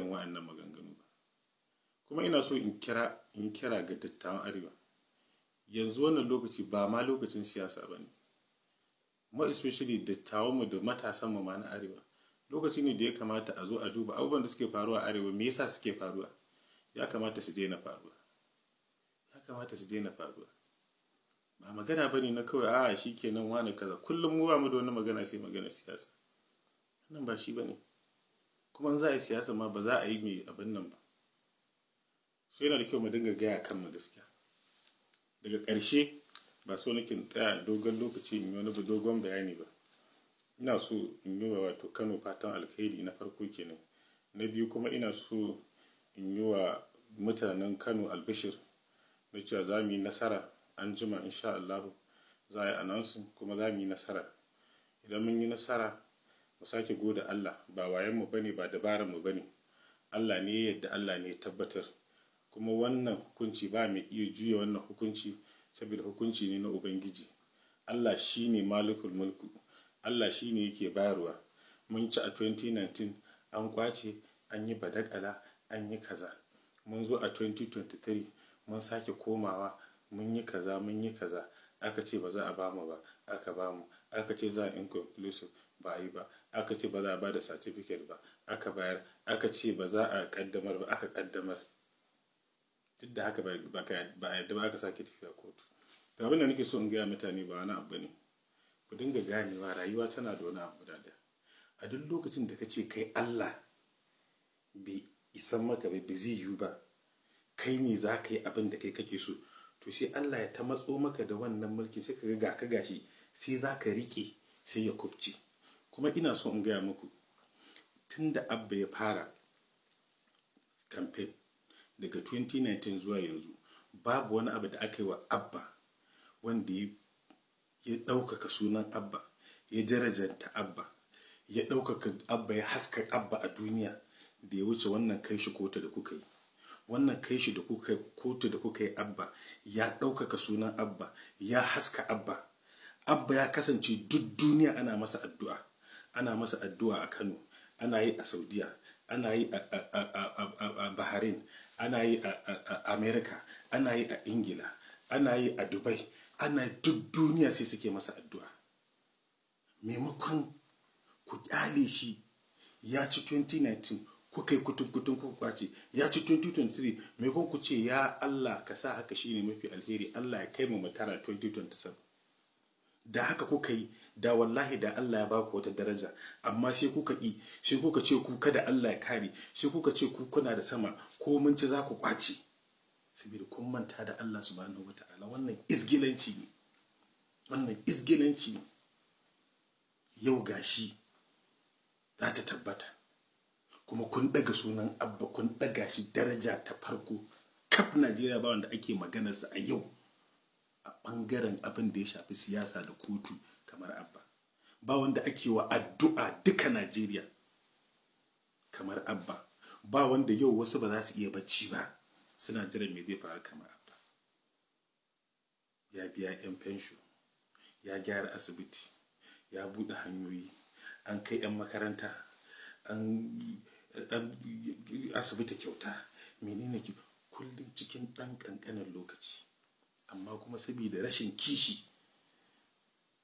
irin wa'annan maganganu ba kuma ina so in kira in kira ga dattawan arewa yanzu wannan lokaci ba ma lokacin siyasa ba ne ma especially mu da matasanmu ma na arewa lokaci ne da ya kamata a zo a duba abubuwan da suke faruwa a arewa me yasa suke faruwa ya kamata su daina faruwa ya kamata su daina faruwa ba magana ba na kawai a ah, shi kenan wani kaza kullum mu ba mu da wani magana sai magana siyasa nan ba shi ba kuma za a yi siyasa ma ba za a yi mai abin nan ba so yana da kyau mu dinga gaya kan kanmu gaskiya daga ƙarshe ba so nake tsaya dogon lokaci in yi wani dogon bayani ba ina so in yi wa wato kano fatan alkhairi na farko kenan na biyu kuma ina so in yi wa mutanen kano albishir na cewa za mu yi nasara an jima insha Allah za a yi anansu kuma za mu yi nasara idan mun yi nasara mu sake goda Allah ba wayanmu bane ba mu bane Allah ne yadda Allah ne tabbatar kuma wannan hukunci ba mai iya juya wannan hukunci saboda hukunci ne na ubangiji Allah shi ne malikul mulku Allah shi ne yake bayarwa mun ci a 2019 an kwace an yi badakala an yi kaza mun zo a 2023 mun sake komawa mun yi kaza mun yi kaza aka ce ba za a bamu ba aka bamu aka ce za a inconclusive ba yi ba aka ce ba za a ba da certificate ba aka bayar aka ce ba za a kaddamar ba aka kaddamar duk da haka ba a yadda ba aka sake tafiya kotu to abin da nake so in gaya mutane ba wani abu ne ku dinga ganewa rayuwa tana da wani abu da a duk lokacin da ka ce kai Allah bai isan maka bai zai yiwu ba kai ne za ka yi abin da kai kake so to sai Allah ya ta matso maka da wannan mulki sai ka ga ka gashi sai za ka riƙe sai ya kubce kuma ina so in gaya muku tun da abba ya fara campaign daga 2019 zuwa yanzu babu wani abu da aka yi wa abba wanda ya ɗaukaka sunan abba ya darajanta abba ya ɗaukaka abba ya haska abba a duniya da ya wuce wannan kai shi kota da kuka yi wannan kai shi da kuka kotu da kuka yi abba ya ɗaukaka sunan abba ya haska abba abba ya kasance duk duniya ana masa addu'a ana masa addu'a a kano ana yi a saudiya ana yi a bahrain ana yi a america ana yi a ingila ana yi a dubai ana duk duniya sai suke masa addu'a maimakon ku kyale shi ya ci 2019 ku kai kutun kutun ku kwace ya ci 2023 mai ko ku ce ya Allah ka sa haka shi ne mafi alheri Allah ya kai mu makara 2027 da haka kuka yi da wallahi da Allah ya baku wata daraja amma sai kuka yi sai kuka ce ku kada Allah ya kare sai kuka ce ku kuna da sama ko mun ci za ku kwace saboda kun manta da Allah subhanahu wataala wannan isgilanci ne wannan isgilanci yau gashi za ta tabbata kuma kun daga sunan abba kun daga shi daraja ta farko kaf najeriya ba wanda ake maganarsa a yau a bangaren abin da ya shafi siyasa da kotu kamar abba ba wanda ake wa addu'a duka najeriya kamar abba ba wanda yau wasu ba za su iya bacci ba suna jiran mai zai faru kamar abba ya biya 'yan fensho ya gyara asibiti ya buɗe hanyoyi an kai 'yan makaranta an asibiti kyauta menene ki kullum cikin ɗan ƙanƙanin lokaci amma kuma saboda rashin kishi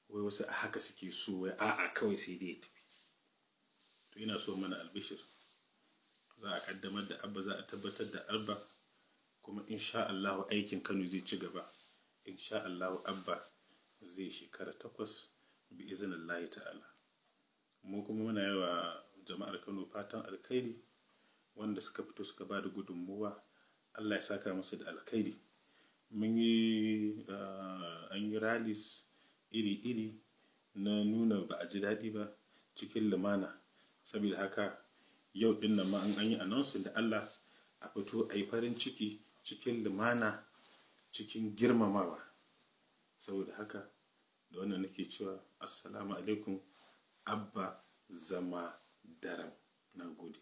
wai wasu a haka suke so wai a'a kawai sai dai ya tafi to ina so mana albishir za a kaddamar da abba za a tabbatar da Alba, kuma insha Allah aikin Kano zai ci gaba insha Allah abba zai shekara takwas bi izinin Allah ta'ala mu kuma muna yawa jama'ar Kano fatan alkhairi wanda suka fito suka ba da gudunmuwa Allah ya saka musu da alkhairi mun yi ah, an yi rallies iri-iri na nuna ba a ji daɗi ba cikin lumana saboda haka yau ɗin nan ma an yi announcing da Allah a fito a yi farin ciki cikin lumana cikin girmamawa saboda haka da wannan nake cewa assalamu alaikum abba zama daram na gode